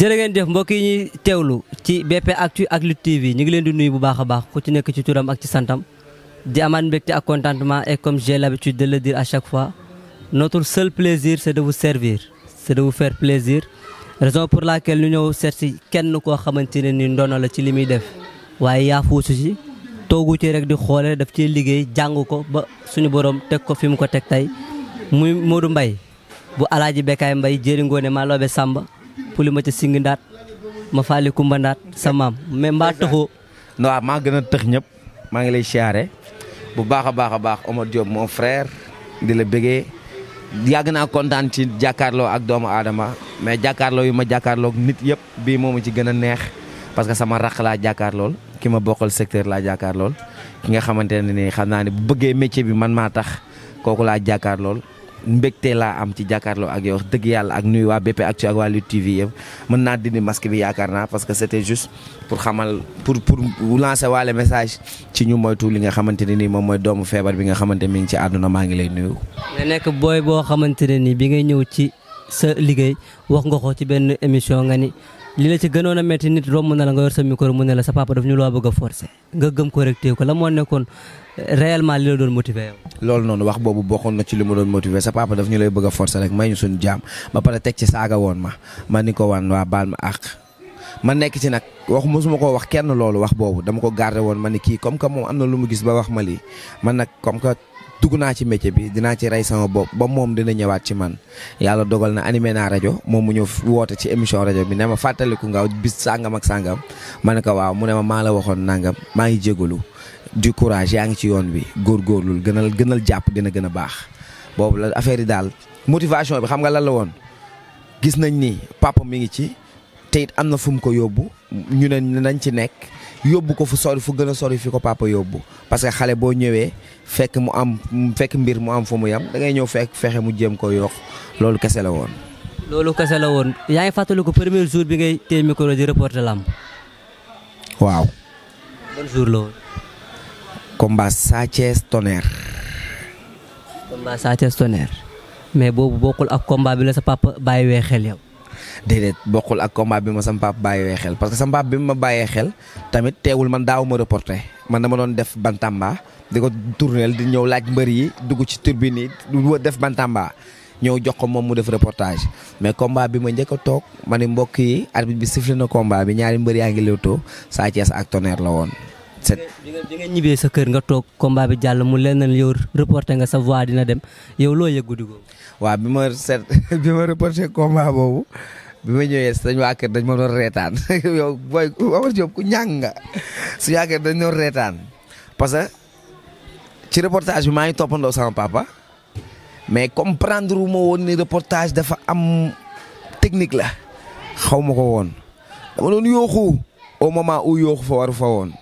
jërë ngeen jëf mbokk yi ñuy teewlu ci BP Actu ak Lutte TV ñu ngi leen di nuyu bu baax a baax ku ci nekk ci turam ak ci santam di amaat mbégte ak contentement et comme j'ai l'habitude de le dire à chaque fois notre seul plaisir c'est de vous servir c'est de vous faire plaisir raison pour laquelle ñu ñëw seet si kenn koo xamante ne ni ndono la ci li muy def waaye yaa fuusu si toogu ci rek di xoole daf ci liggéey jàng ko ba suñu borom teg ko fi mu ko teg tey muy Modou Mbaye bu alaaji Bekaay Mbaye jëri ngoone Malobe Samba kulima ca singi ndaat ma faali kumba ndaat sa maam mais mbaa taxoo waaw ah, maa gën a tëx ñëpp maa ngi lay siyaare bu baax a baax a baax Omar Diop mon frère di la bëggee yàgg naa kontaan ci jàkkaarloo ak doomu aadama mais jàkkaarloo yu ma jàkkaarloog nit yëpp bii moomu ci gën a neex parce que sama raq laa jàkkaarlool ki ma bokkal secteur laa jàkkaarlool ki nga xamante ne ni xam naa ne bu bëggee métier bi man maa tax kooku laa jàkkaarlool mbégte laa am ci jàkkaarloo ak yow dëgg yàlla ak nuyu waa BP Actu ak waa Lutte TV yëpp mën naa dindi masque bi yaakaar naa parce que c'était juste pour xamal pour pour lancer waale message ci ñu moytu li nga xamante nii moom mooy doomu feebar bi nga xamante mi ngi ci àdduna maa ngi lay nuyu. nga nekk booy boo xamante ne nii bi ngay ñëw ci sa liggéey wax nga ko ci benn émission nga ni. li la ci gënoon a métti nit romb na la nga yor sa micro mu ne la sa papa daf ñu loo bëgg a forcé nga gëm ko rek téye ko la moo nekkoon eh, doon motivé loolu noonu wax boobu bokkoon na ci li ma doon motivé sa papa daf ñu lay bëgg a forcé rek may ñu suñu jaam ba pare ci saaga woon ma ma ni ko waan waa baal ma àq. ma nekk ci nag wax ma koo wax kenn loolu wax boobu dama ko garder woon ma ni kii comme que moom am na lu mu gis ba wax ma lii man nag comme dugg naa ci métier bi dinaa ci rey sama bopp ba moom dina ñëwaat ci man yàlla dogal na animé naa rajo moom mu ñëw woote ci émission rajo bi ne ma fàttaliku nga bis sàngam ak sàngam ma ne ko waaw mu ne ma maa la waxoon nangam maa ngi jégalu du courage yaa ngi ci yoon bi góorgóorlul gënal gënal jàpp dina gën a baax boobu la affaire yi daal motivation bi xam nga lan la woon gis nañ ni papa mi ngi ci. te it am na fu mu ko yóbbu ñu ne nañ ci nekk yóbbu ko fu sori fu gën a sori fi ko papa yóbbu parce que xale boo ñëwee fekk mu am fekk mbir mu am fu mu yam da ngay ñëw fekk fexe mu jéem ko yoox loolu kese la woon. loolu kese la woon yaa ngi fàttaliku premier jour bi ngay ko micro di reporter lamb. waaw. ban jour la woon. combat Sa Thiès Tonnerre. mais boobu bokkul ak combat bi la sa papa bàyyiwee xel yow. déedéet bokkul ak combat bi ma sama pap bàyyiwee xel parce que sama pap bi ma bàyyee xel tamit teewul man daaw ma reporté man dama doon def bantamba di ko tournel di ñëw laaj mbër yi dugg ci turbine yi def bantamba ñëw jox ko moom mu def reportage mais combat bi ma njëkk a toog ma ne mbokk yi arbitre bi sifflé na combat bi ñaari mbër yaa ngi lewtoo Sa Thiès ak Tonnerre la woon set bi nga ñibbee sa kër nga toog combat bi jàll mu leen yow reporté nga sa dina dem yow loo yëg guddi googu waaw bi ma set bi ma reporté combat boobu bi ma ñëwee sañ waa dañ ma doon reetaan yow parce que ci reportage bi maa ngi toppandoo sama papa mais comprendre wu ma woon ni dafa am technique la xaw ma ko woon dama doon yooxu au moment où yooxu fa waru fa woon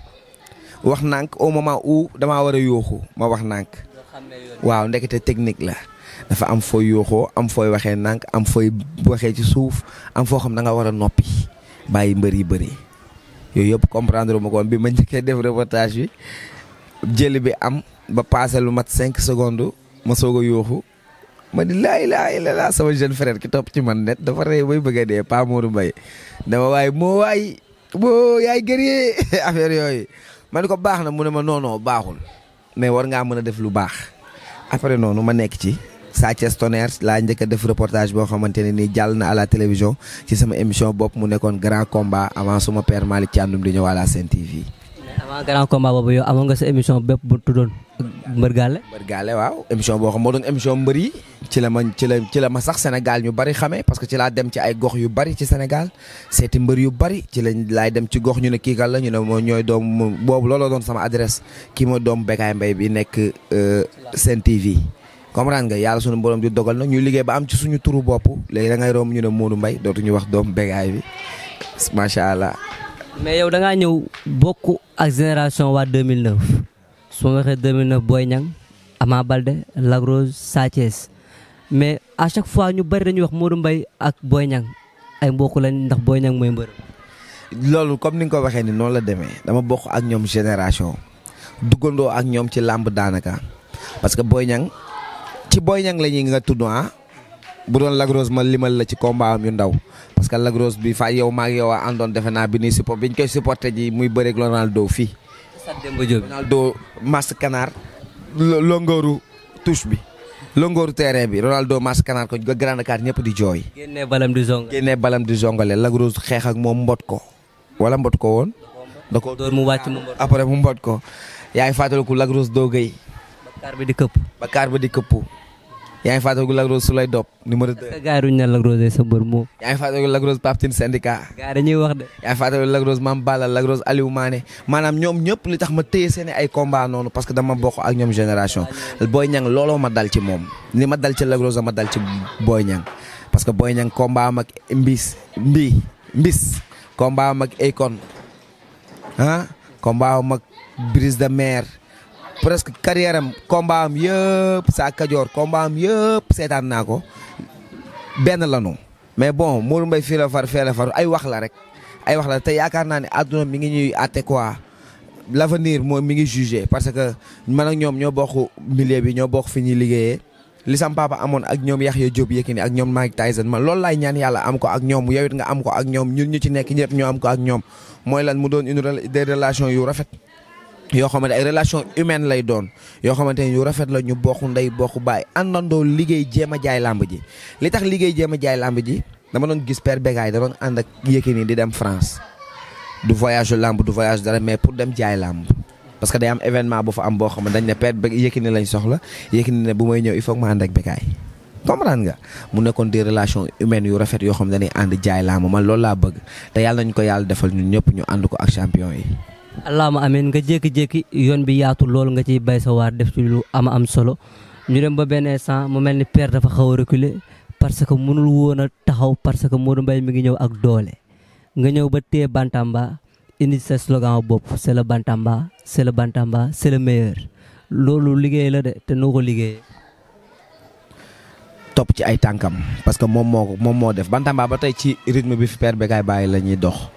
wax nànk au moment où damaa war a yooxu ma wax nànk waaw ndekete technique la dafa am fooy yooxoo am fooy waxee nànk am fooy waxee ci suuf am foo xam da war a noppi bàyyi mbër yi bëri yooyu yëpp comprendre ma ko bi ma njëkkee def reportage bi jël bi am ba passé lu mat cinq secondes ma soog a yooxu ma di laa ilaaha illallaah sama jeune frère ki topp ci man net dafa rey bay bëgg a dee Pa Modou Mbaye dama waay moo waay moo yaay gëree affaire yooyu ma ni ko baax na mu ne ma noonoo baaxul mais war ngaa mën a def lu baax après noonu ma nekk ci Sa Thiès laa njëkk a def reportage boo xamante ne nii jàll na à la ci sama émission bopp mu nekkoon grand combat avant suma père Malick Thiandoum di ñëw à la Sen TV avant grand combat boobu yow amoon nga sa émission bépp bu tuddoon Mbër Gale. Mbër Gale waaw émission boo moo doon émission mbër yi ci la ma ci la ci la ma sax Sénégal ñu bari xamee parce que ci laa dem ci ay gox yu bari ci Sénégal seeti mbër yu bari ci lañ laay dem ci gox ñu ne kii kan la ñu ne moo ñooy doom boobu looloo doon sama adresse kii mooy doom Bécaye Mbaye bi nekk euh, Sen TV. comprendre nga yàlla sunu borom di dogal na liggéey ba am ci suñu turu bopp léegi da ngay romb ñu ne dootuñu wax doom Bécaye bi macha allah. mais yow da ngaa ñëw bokk ak génération waa 2009 su ma waxee 2009 Boy Niang Ama Baldé Lac Rose Sa mais à chaque fois ñu bari dañuy wax Modou mbay ak Boy Niang ay mbokk lañ ndax booy Niang mooy mbër. loolu comme ni nga ko waxee ni noonu la demee dama bokk ak ñoom génération duggandoo ak ñoom ci làmb daanaka parce que Boy Niang ci Boy Niang la ñuy nga tudd ah bu doon lagrose ma limal la ci combat am yu ndaw parce que lagrose bi fa yow maa ngi yow a àndoon defe naa bi ñuy support bi ñu koy supporté ji muy bëreeg Ronaldo fii. Ronaldo mas Canard. longooru touche bi. longooru terrain bi Ronaldo mas Canard ko grande carte ñëpp di jooy. génnee balam di zongale génnee balam di lagrose xeex ak moom mbot ko. wala mbot ko woon. da ko door mu wàcc mu mbot après mu mbot ko. yaa ngi fàttaliku lagrose doogay. ba këpp. ba di këpp. yaa ngi fàttaliku Lac Rose su lay dop numéro 2. gaa yi ne Lac Rose sa mbër moom. yaa ngi fàttaliku Lac Rose Pape yaa ngi fàttaliku Lac Rose Mame Balla Lac Rose Aliou maanaam ñoom ñëpp li tax ma téye seen ay combat noonu parce que dama bokk ak ñoom génération Boy Niang looloo ma dal ci moom ni ma dal ci Lac ma dal ci Boy Niang parce que Boy Niang combat am ak Mbis Mbis combat am ak Akon ah Brise de Mer. presque carrière am combat am yëpp saa kajoor combat am yëpp seetaan naa ko benn lanu mais bon Modou Mbaye fii la far fee far ay wax la rek ay wax la te yaakaar naa ne àdduna mi ngi ñuy àtte quoi l' avenir moom mi ngi jugé parce que man ak ñoom ñoo bokk milieu bi ñoo bokk fi ñuy liggéeyee li sam papa amoon ak ñoom Yaxya Diop Yékini ak ñoom Mike Tyson man loolu laay ñaan yàlla am ko ak ñoom yow nga am ko ak ñoom ñun ñu ci nekk ñëpp ñoo am ko ak ñoom mooy lan mu doon une des relations yu rafet. yoo xamante ay relation humaine lay doon yoo xamante ne yu rafet la ñu bokk ndey bokk baay àndandoo liggéey jéem a jaay làmb ji li tax liggéey jéem a jaay làmb ji dama doon gis père Bégaay da doon ànd ak Yékini di dem France du voyage làmb du voyage dara mais pour dem jaay làmb parce que day am événement bu fa am boo xam ne dañ ne père Yékini lañ soxla Yékini ne bu may ñëw il faut que ma ànd ak Bégaay comprendre nga mu nekkoon di relations humaines yu rafet yoo xam ne dañuy ànd jaay làmb man loolu laa bëgg te yàlla nañ ko yàlla defal ñun ñëpp ñu ànd ko ak champion yi allahuma amin nga jékki-jékki yoon bi yaatu lool nga ciy bay sa waar def ci lu ama am solo ñu dem ba benn instant mu mel ni père dafa xaw a reculer parce que mënul woon a taxaw parce que Modou Mbaye mi ngi ñëw ak doole nga ñëw ba téye Bantamba indi sa slogan bopp c'est le Bantamba c'est le Bantamba c'est le loolu liggéey la de te noo ko liggéeyee. topp ci ay tànkam parce que moom moo moom moo def Bantamba ba tey ci rythme bi fi père Bécaye Baye la ñuy dox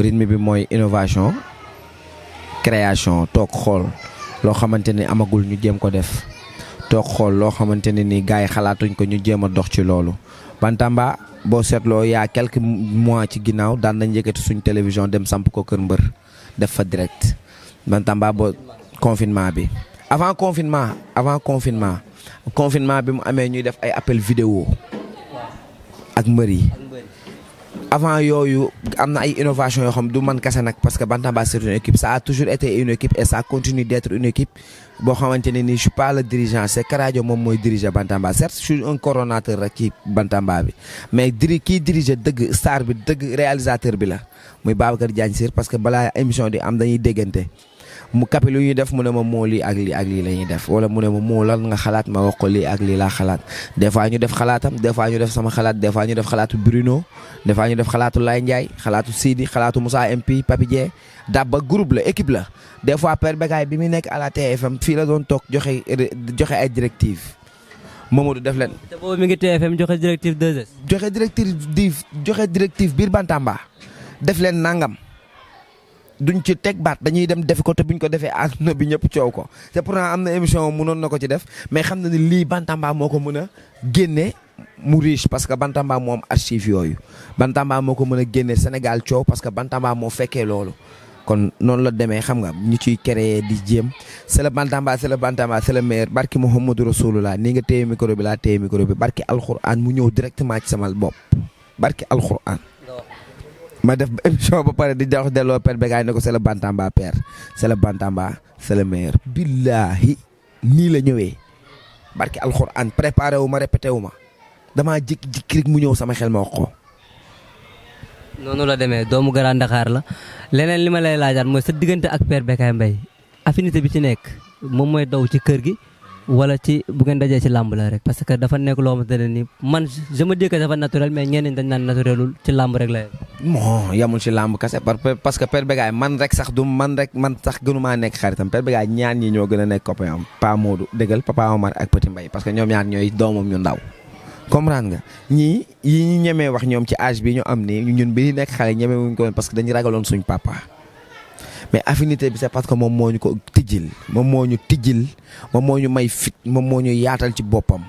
bi mooy innovation. création toog xool loo xamante ni amagul ñu jéem ko def toog xool loo xamante ne ni gars yi xalaatuñ ko ñu jéem a dox ci loolu Bantamba boo seetloo yaa quelques mois ci ginnaaw daan nañ yëkkati suñu télévision dem samp ko Kër Mbër def fa direct Bantamba boo confinement bi avant confinement avant confinement confinement bi mu amee ñuy def ay appel vidéo ak mbër yi avant yooyu am na ay innovation yoo xam du man kese nag parce que Bantamba c'est une équipe ça a toujours été une équipe et ça continue d'être une équipe boo xamante ne nii je suis pas le dirigeant moom mooy diriger Bantamba certes je suis un coordonnateur rek ci Bantamba bi mais diri kii diriger dëgg star bi dëgg réalisateur bi la muy Babacar Diagne Sir parce que balaa émission di am nañuy déggante mu kapi lu def mu ne ma moo lii ak lii ak lii la ñuy def wala mu ne ma moo lan nga xalaat ma wax ko ak lii laa xalaat des fois ñu def xalaatam des fois ñu def sama xalaat des fois ñu def xalaatu Bruno des fois ñu def xalaatu Lay Ndiaye xalaatu Sidi xalaatu Moussa MP Papi Dieng dabba groupe la équipe la des fois Père Bécaye bi mu nekk à la TFM fii la doon toog joxe joxe ay directives du def leen. mi ngi TFM joxe directive 2S. joxe directive joxe directive biir Bantamba def leen nangam. duñ ci teg baat dañuy dem defi ko te buñ ko defee àdduna bi ñëpp coow ko te pourtant am na émission mënoon na ko ci def mais xam na ni lii Bantamba moo ko mën a génne mu riche parce que Bantamba moo am archive yooyu Bantamba moo ko mën a génne Sénégal coow parce que Bantamba moo fekkee loolu kon noonu la demee xam nga ñu ciy créer di jéem c'est le Bantamba c'est le Bantamba c'est le meilleur barki Mouhamadou Rasulullah nii nga téye micro bi laa téye micro bi barki alxuraan mu ñëw directement ci sama bopp barki alxuraan ma def ba émission ba pare di jox delloo per Bécaye ne ko c'est le Bantamba père c'est le Bantamba c'est billaahi nii la ñëwee barki alxuraan préparé wu ma répété wu ma damaa jékki-jékki mu ñëw sama xel ma wax ko. noonu la demee doomu Grand Dakar la leneen li ma lay laajaat mooy sa diggante ak père Bécaye Mbaye affinité bi ci nekk moom mooy daw ci kër gi. wala ci bu ngeen dajee ci làmb la rek parce que dafa nekk loo xamante ne nii man je me dis que dafa naturel mais ñeneen dañ naan naturelul ci làmb rek la bon yamul ci làmb kase parce que Père Bégaye man rek sax du man rek man sax gënumaa nekk xaritam Père Bégaye ñaan ñi ñoo gën a nekk copain am Pa Modou dëggal Papa ak Petit Mbaye parce que ñoom ñaar ñooy doomam ñu ndaw comprendre nga ñii yi ñemee wax ñoom ci âge bi ñu am ni ñun bi nekk xale ñemee wuñ mais affinité bi c'est parce que moom moo ñu ko tijjil moom moo ñu tijjil moom moo ñu may fit moom moo ñu yaatal ci boppam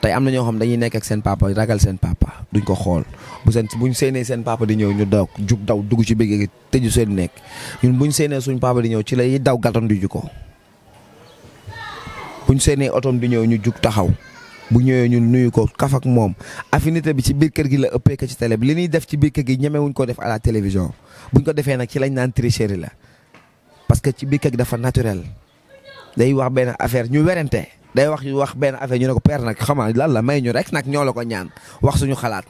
tey am na ñoo xam dañuy nekk ak seen papa ragal seen papa duñ ko xool bu seen buñ séenee seen papa di ñëw ñu daw jug daw dugg ci biir ju seen nekk ñun buñ séenee suñ papa di ñëw ci lay daw gàttandu ju ko buñ séenee otoom di ñëw ñu jug taxaw bu ñëwee ñun nuyu ko kaf ak moom affinité bi ci biir kër gi la ëppee ko ci télé bi li ñuy def ci biir kër gi ñemewuñ ko def à la télévision buñ ko defee nag ci lañ naan tricherie la parce que ci biir kër gi dafa naturel day wax benn affaire ñu werante day wax ñu wax benn affaire ñu ne ko père nag xama lan la may ñu rek nag ñoo la ko ñaan wax suñu xalaat.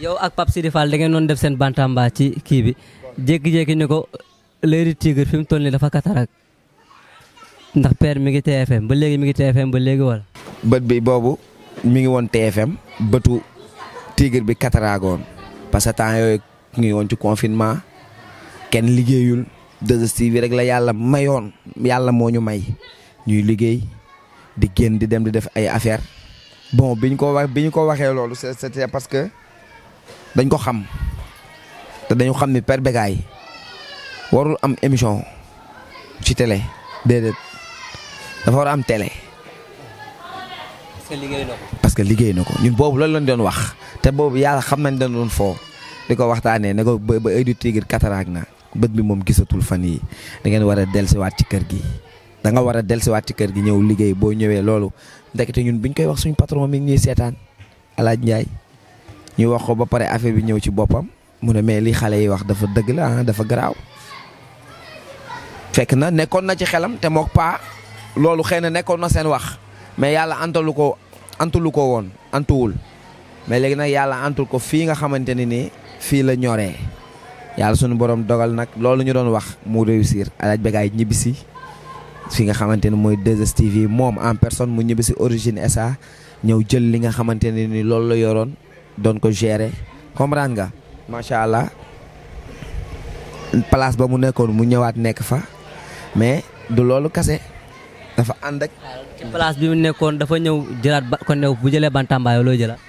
yow ak Pape Sidi Fall da ngeen doon def seen bantamba ci kii bi jékki-jékki ne ko léeri tigre fi mu toll nii dafa katarak ndax père mi ngi TFM ba léegi mi ngi TFM ba léegi wala. bët bi boobu mu ngi woon TFM bëtu tigre bi kataraagoon parce que temps yooyu ngi woon ci confinement kenn liggéeyul 2STV rek la yàlla mayoon yàlla moo ñu may ñuy liggéey di génn di dem di def ay affaire bon bi ñu ko wax bi ñu ko waxee loolu c'était parce que dañ ko xam te dañu xam ni Père Bécaye warul am émission ci télé déedéet dafa war am télé. parce liggéey na ko. parce que liggéey na ko ñun boobu loolu lañ doon wax te boobu yàlla xam nañ dañ doon foo di ko waxtaanee ne ko ba ba ëy na bët bi moom gisatul fan yi da ngeen war a dellusiwaat ci kër gi. da nga war a dellusiwaat ci kër gi ñëw liggéey boo ñëwee loolu ndekete ñun biñ koy wax suñu patron mi ngi ñuy seetaan alaaj Njaay ñu wax ko ba pare affaire bi ñëw ci boppam mu ne mais li xale yi wax dafa dëgg la ah, dafa garaaw fekk na nekkoon na ci xelam te mook paa loolu xëy na nekkoon na seen wax. mais yàlla antalu ko antulu ko woon antuwul mais léegi nag yàlla antul ko fii nga xamante ne nii fii la ñoree yàlla sunu borom dogal nag loolu ñu doon wax mu réussir alaaj begaay ñibbisi fi nga xamante ne mooy 2STV moom en personne mu ñibbisi origine SA ñëw jël li nga xamante ne ni loolu la yoroon doon ko gérer comprendre nga macha allah place ba mu nekkoon mu ñëwaat nekk fa mais du loolu kase dafa ànd ak. ci place bi mu nekkoon dafa ñëw jëlaat ba kon new bu jëlee Bantamba yow loo jëlaat.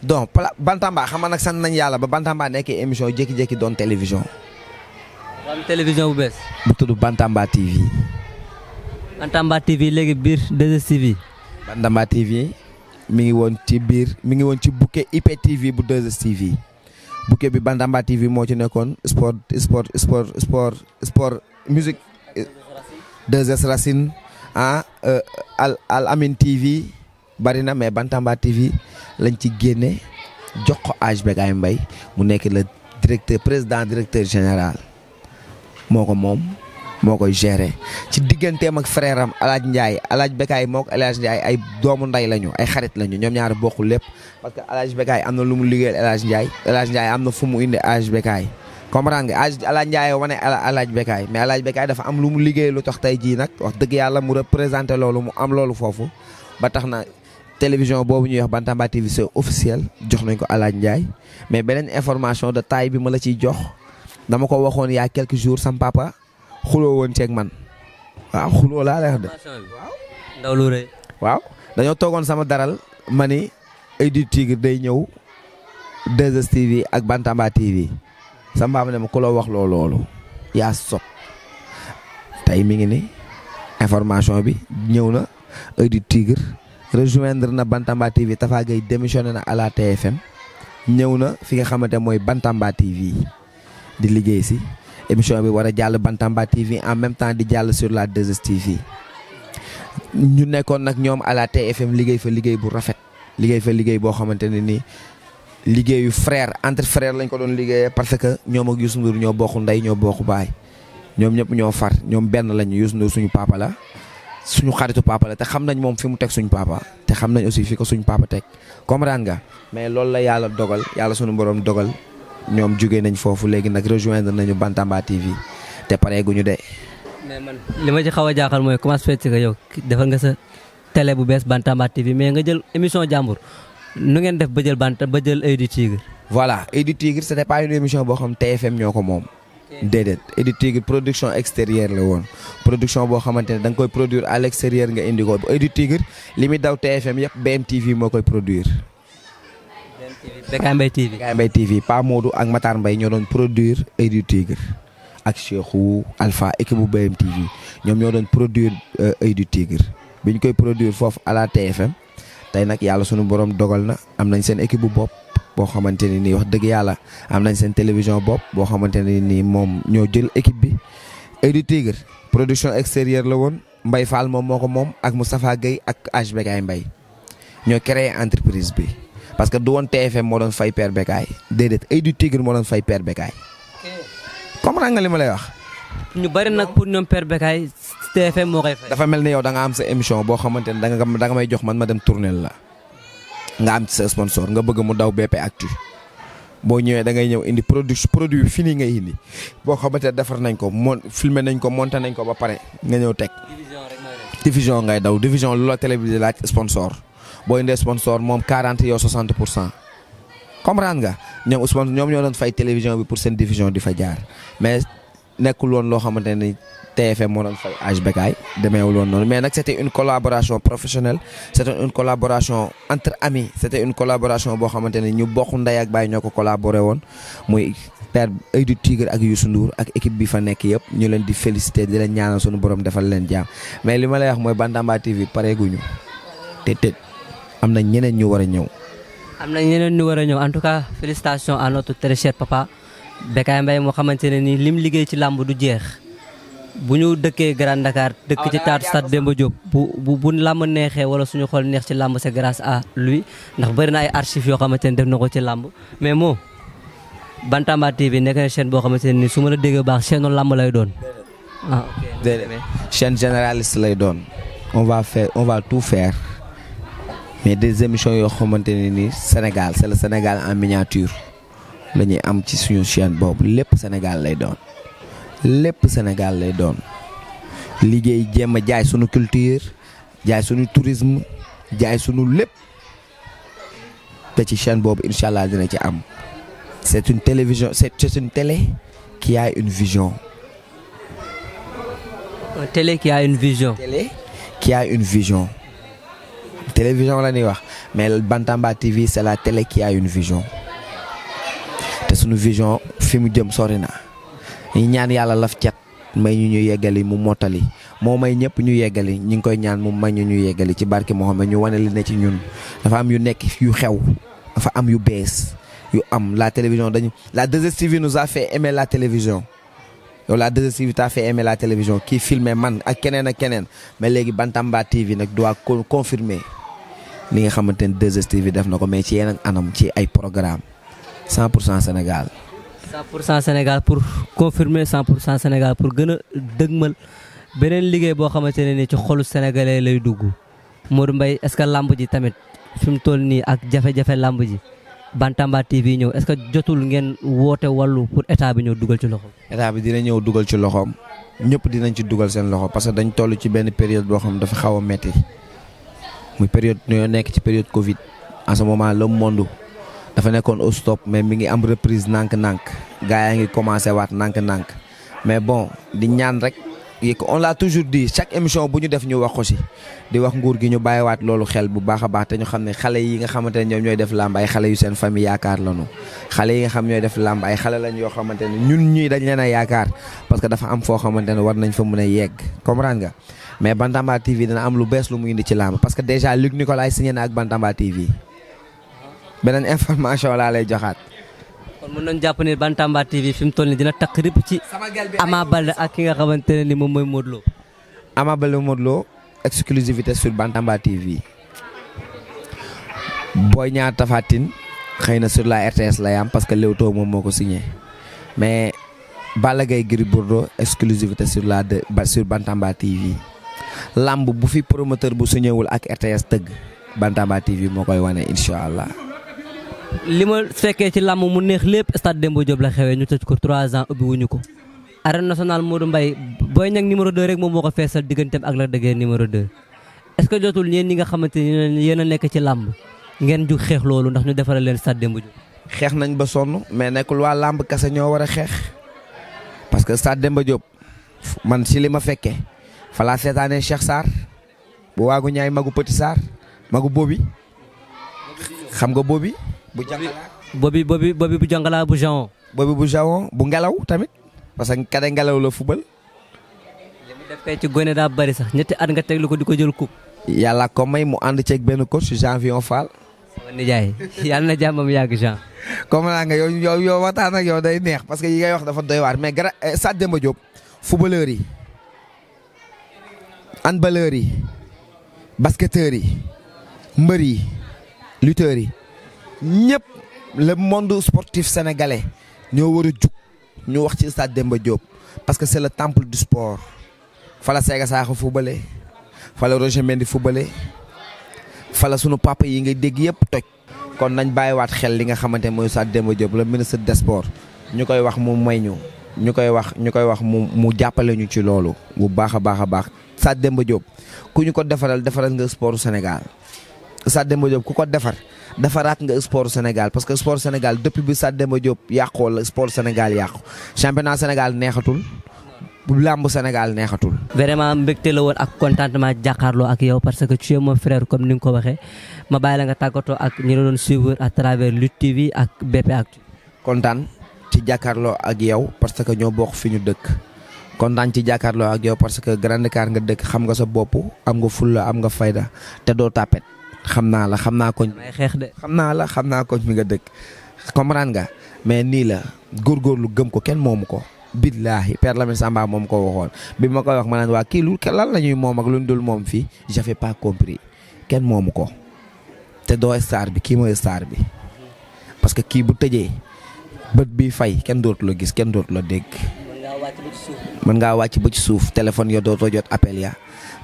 donc Bantamba xam nga nag sant nañ yàlla ba bantambaa nekkee émission jékki-jékki doon télévision. doon bu bees. bu tudd Bantamba TV. Bantamba TV léegi biir 2STV. Bantamba TV mi ngi woon ci biir mi ngi woon ci bouquet IPTV bu 2STV bouquet bi Bantamba TV moo ci nekkoon sport sport sport spor sport musique 2S ah euh, al al amin TV bari na mais Bantamba TV lañ ci génne jox ko âge Bécaye Mbaye mu nekk la directeur président directeur général moo ko moom moo koy gérer ci digganteem ak frère am El Hadj Ndiaye El Hadj Bécaye moog El Hadj Ndiaye ay doomu nday lañu ay xarit lañu ñoom ñaar bokkul lépp parce que El Hadj Bécaye am na lu mu liggéeyal El Hadj Ndiaye El Hadj am na fu mu indi âge Bécaye comprendre nga El Hadj Ndiaye wane El Hadj Becaye mais El Hadj Becaye dafa am lu mu liggéey lu tax tey jii nag wax dëgg yàlla mu représenté loolu mu am loolu foofu ba tax na télévision boobu ñuy wax Bantamba TV c'est officiel jox nañ ko El Hadj Ndiaye mais beneen information de taille bi ma la ciy jox dama ko waxoon yaa quelques jours sam papa xuloo woon ceeg man waaw xuloo laa lay wax de. waaw dañoo toogoon sama daral ma ni Oeil day ñëw 2STV ak Bantamba TV. sa mbaam ne ma ku la wax loo loolu yaa sot tey mi ngi ni information bi ñëw na Oeil du Tigre rejoindre na Bantamba TV Tafa Gueye démissionné na à la TFM ñëw na fi nga xamante mooy Bantamba TV di liggéey si émission bi war a jàll Bantamba TV en même temps di jàll sur la 2STV ñu nekkoon nag ñoom à la TFM liggéey fa liggéey bu rafet liggéey fa liggéey boo xamante ne nii liggéeyu frère entre frère lañ ko doon liggéeyee parce que ñoom ak Youssou Ndour ñoo bokk ndey ñoo bokk baay ñoom ñëpp ñoo far ñoom benn lañu Youssou Ndour suñu papa la suñu xaritu papa la te xam nañ moom fi mu teg suñu papa te xam nañ aussi fi ko suñu papa teg comprendre nga mais loolu la yàlla dogal yàlla suñu boroom dogal ñoom jógee nañ foofu léegi nag rejoindre nañu Bantamba TV te pare ñu de. mais man li ma ci xaw a jaaxal mooy comment se fait que yow defal nga sa bees Bantamba TV mais nga jël émission jàmbur nu ngeen def ba jël banta ba jël Oeil du voilà Oeil du Tigre ce n'est émission boo xam TFM ñoo ko moom. déedéet Oeil du production extérieure la woon production boo xamante ne da koy produire à l'extérieur nga indi ko Oeil du Tigre li muy daw TFM yëpp BMTV moo koy produire. Bécaye Mbaye TV Bécaye Mbaye TV Pa Modou ak Matar Mbaye ñoo doon produire Oeil du Tigre ak Cheikhou Alpha équipe bu BMTV ñoom ñoo doon produire Oeil euh, du Tigre ñu koy produir foofu à la tey nag yàlla sunu borom dogal na am nañ seen équipe bu bopp boo xamante ne nii wax dëgg yàlla am nañ seen télévision bopp boo xamante ne nii moom ñoo jël équipe bi. ay di Tigre production extérieure la woon Mbaye faal moom moo ko moom ak mu Moustapha Gueye ak HBK mbay ñoo créé entreprise bi parce que du woon TFM moo doon fay Père déedéet Œil du Tigre moo doon fay Père Bécaye comprendre nga li ma lay wax. ñu bari nag pour ñoom Père TFM moo dafa mel ni yow da nga am sa émission boo xamante ne da nga da nga may jox man ma dem tournel la nga am ci sa sponsor nga bëgg mu daw BP Actu boo ñëwee da ngay ñëw indi produit produit fini nga indi boo xamante ne defar nañ ko mon filmé nañ ko monté nañ ko ba pare nga ñëw teg. division ngay daw division lu la télé bi laaj sponsor boo indee sponsor moom 40 yow 60 pour cent. comprendre nga ñoom Ousmane ñoom ñoo doon fay télévision bi pour seen diffusion di fa jaar mais nekkul woon loo xamante ni TFM moo doon fay age Bécaye demeewul woon noonu mais nag c'était une collaboration professionnelle c'était une collaboration entre amis c'était une collaboration boo xamante ne ñu bokk ndey ak baay ñoo ko collaboré woon muy père Eudu ak Youssou Ndour ak équipe bi fa nekk yëpp ñu leen di féliciter di leen ñaanal sunu borom defal leen jaam mais li ma lay wax mooy Bantamba TV pareeguñu te te am na ñeneen ñu war a ñëw. am na ñeneen ñu war a ñëw en tout cas bu ñu dëkkee Grand Dakar dëkk ci ah, taatu stade Demba Diop bu bu bu làmb neexee wala suñu xol neex ci làmb c'est grâce à lui ndax bëri na ay archives yoo xamante ne def na ko ci làmb mais moo Bantamba TV nekk na chaîne boo xamante ne nii su ma la déggee baax lay doon. ah généraliste lay doon on va on va tout faire mais des yoo xamante ne ni Sénégal c'est Sénégal en miniature lañuy am ci suñu chaîne boobu lépp Sénégal lay doon. lépp Sénégal lay doon liggéey jéem a jaay sunu culture jaay sunu tourisme jaay sunu lépp te ci chaîne boobu incha allah dina ci am c'est une télévision c'est une télé qui a un vision. Une télé qui a une vision. télé qui a une vision. télévision la ñuy wax mais Bantamba TV c'est la télé qui a une vision te sunu vision fi mu jëm sori na. ñaan yàlla laf cet may ñu ñu yeggali mu mottali moo may ñëpp ñu yeggali ñu ngi koy ñaan mu may ñu ñu yeggali ci barke Mouhamed ñu wane li ne ci ñun dafa am yu nekk yu xew dafa am yu bees yu am la télévision dañu la 2STV nous a fait aimer la télévision yow la 2STV t'a fait aimer la télévision kii filmé man ak keneen ak keneen mais léegi Bantamba TV nag doit confirmer mi nga xamante ne 2STV def na ko mais ci yeneen anam ci ay programme 100 pour cent Sénégal cent pour cent Sénégal pour confirmer cent pour cent Sénégal pour gën a dëgmal beneen liggéey boo xamante ne nii ci xolu sénégalais lay dugg Modou Mbaye est-ce que làmb ji tamit fi mu toll nii ak jafe-jafe làmb ji Bantamba TV ñëw est-ce que jotul ngeen woote wàllu pour état bi ñëw dugal ci loxoom. état bi dina ñëw dugal ci loxoom ñëpp dinañ ci dugal seen loxo parce que dañ toll ci benn période boo xam dafa xaw a metti muy période ñoo nekk ci période Covid en ce moment le dafa nekkoon au stop mais mi ngi am reprise nànk-nànk gars yaa ngi commencé waat nànk-nànk mais bon di ñaan rek yi on l'a toujours di chaque émission bu ñu def ñu wax ko si di wax nguur gi ñu bàyyiwaat loolu xel bu baax a baax te ñu xam ne xale yi nga xamante ne ñoom ñooy def làmb ay xale yu seen famille yaakaar lañu xale yi nga xam ñooy def làmb ay xale yoo xamante ne ñun ñii dañ leen a yaakaar parce que dafa am foo xamante ne war nañ fa mën a yegg comprendre nga mais Bantamba TV dina am lu bees lu mu indi ci làmb parce que déjà Luc Nicolaï signé na ak Bantamba TV beneen information laa lay joxaat. kon mën nañ jàpp ni Bantamba TV fi mu toll nii dina takk rëpp ci. Ama Baldé ak ki nga xamante ne ni moom mooy Modou Lo. Ama Baldé Modou Lo exclusivité sur Bantamba TV. booy ñaar Tapha xëy na sur la RTS lay am parce que Leewtoo moom moo ko signé mais Balla gay Gris Bordeaux exclusivité sur la de sur Bantamba TV. lamb bu fi promoteur bu suñewul ak RTS tëgg Bantamba TV moo koy wane incha allah. li ma fekkee ci làmb mu neex lépp stade Demba Diop la xewee ñu tëj ko trois ans ubbi wuñu ko. arène nationale Modou Mbaye Boy Niang numéro 2 rek moom moo ko feesal digganteem ak Lac de Guiers numéro 2. est-ce que jotul ñeen ñi nga xamante ni yéen a nekk ci làmb ngeen jug xeex loolu ndax ñu defaral leen stade Demba xeex nañ ba sonn mais nekkul waa làmb kese ñoo war a xeex parce que stade Demba Diop man si li ma fekkee falaa laa seetaanee Cheikh Sarr bu waagu ñaay magu Petit Sarr magu boobi xam nga boobi bu jangalaa boobi boobi bu jangalaa bu jaon bu jaon bu ngelaw tamit parce que kade ngelaw la fubal li mu defee ci gone daa bari sax ñetti at nga teg lu ko di ko jël coupe yàlla ko may mu ànd ceeg benn coach Janvier Fall sama nijaay yàlla na jàmmam yàgg Jean comme naa nga yow yow yow yow day neex parce que yi ngay wax dafa doy waar mais gara eh, Stade Demba a footballeur yi handballeur yi basketteurs yi mbër yi lutteurs yi ñëpp le monde sportif sénégalais ñoo war a jug ñu wax ci stade Demba Diop parce que le temple du sport fala Sega Sakho footballé fala Roger Mendy footballé fala sunu papa yi ngay dégg yëpp toj. kon nañ bàyyiwaat xel li nga xamante mooy stade Demba Diop le ministre des sports ñu koy wax mu may ñu ñu koy wax ñu koy wax mu mu jàppale ci loolu bu baax a baax a baax stade Demba Diop ku ñu ko defaral defaral nga sportu Sénégal. Stade Demba Diop ku ko defar defaraat nga sport Sénégal parce que sport Sénégal dëpp bi Stade Demba Diop yàqoo la sport Sénégal yàqu championnat Sénégal neexatul bu làmb Sénégal neexatul. vraiment mbégte la woon ak contentement jàkkaarloo ak yow parce que tu es mon comme ni nga ko waxee ma bàyyi la nga tàggatoo ak ñi la doon suivre à travers Lutte ak BP Actu. kontaan ci jàkkaarloo ak yow parce que ñoo bokk fi ñu dëkk. kontaan ci jàkkaarloo ak yow parce que Grand Dakar nga dëkk xam nga sa bopp am nga fulla am nga fayda te xam naa la xam naa koñ. may xeex de xam naa la xam naa koñ mi nga dëkk. comprendre nga mais nii la lu gëm ko kenn moomu ko. billaahi Père Lamine Samba moom ko waxoon bi ma koy wax ma naan waa kii lu lan la ñuy moom ak lu dul moom fii jafe pas compris kenn moomu ko. te doo star bi kii moo star bi parce que kii bu tëjee bët bi fay kenn dootu gis kenn dootu dégg. mën ngaa wàcc ba ci suuf. mën ngaa ba ci suuf téléphone ya dootoo jot appel ya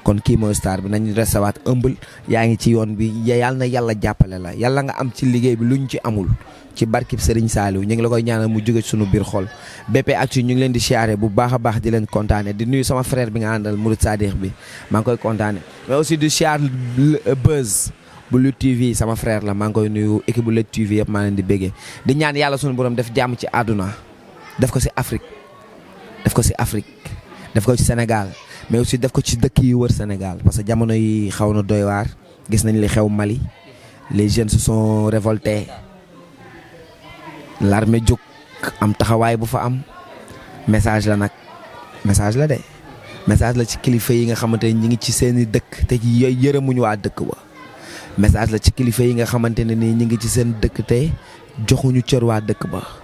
kon kii mooy star bi nañ recevoir ëmbal yaa ngi ci yoon bi yàlla na yàlla jàppale la yàlla nga am ci liggéey bi lu ñu ci amul ci barkib Serigne Saliou ñu ngi la koy ñaanal mu jóge sunu biir xol BP Actu ñu ngi leen di siyaare bu baax a baax di leen kontaane di nuyu sama frère bi nga àndal Mourid Sadikh bi maa ngi koy kontaane aussi di siyaar buzz bu Lutte TV sama frère la maa ngi koy nuyu équipe bu Lutte TV yëpp maa leen di bégge di ñaan yàlla sunu borom def jàmm ci àdduna def ko si Afrique def ko si Afrique def ko ci Sénégal mais aussi def ko ci dëkk yi wër Sénégal parce que jamono yi xaw na doy waar gis nañ li xew Mali les jeunes se sont révoltés l'armée jóg am taxawaay bu fa am message la nag message la de message la ci kilifa yi nga xamante ne ñi ngi ci seeni dëkk te yërëmuñu waa dëkk ba message la ci kilifa yi nga xamante ne ni ñi ngi ci seen dëkk te joxuñu cër waa dëkk ba.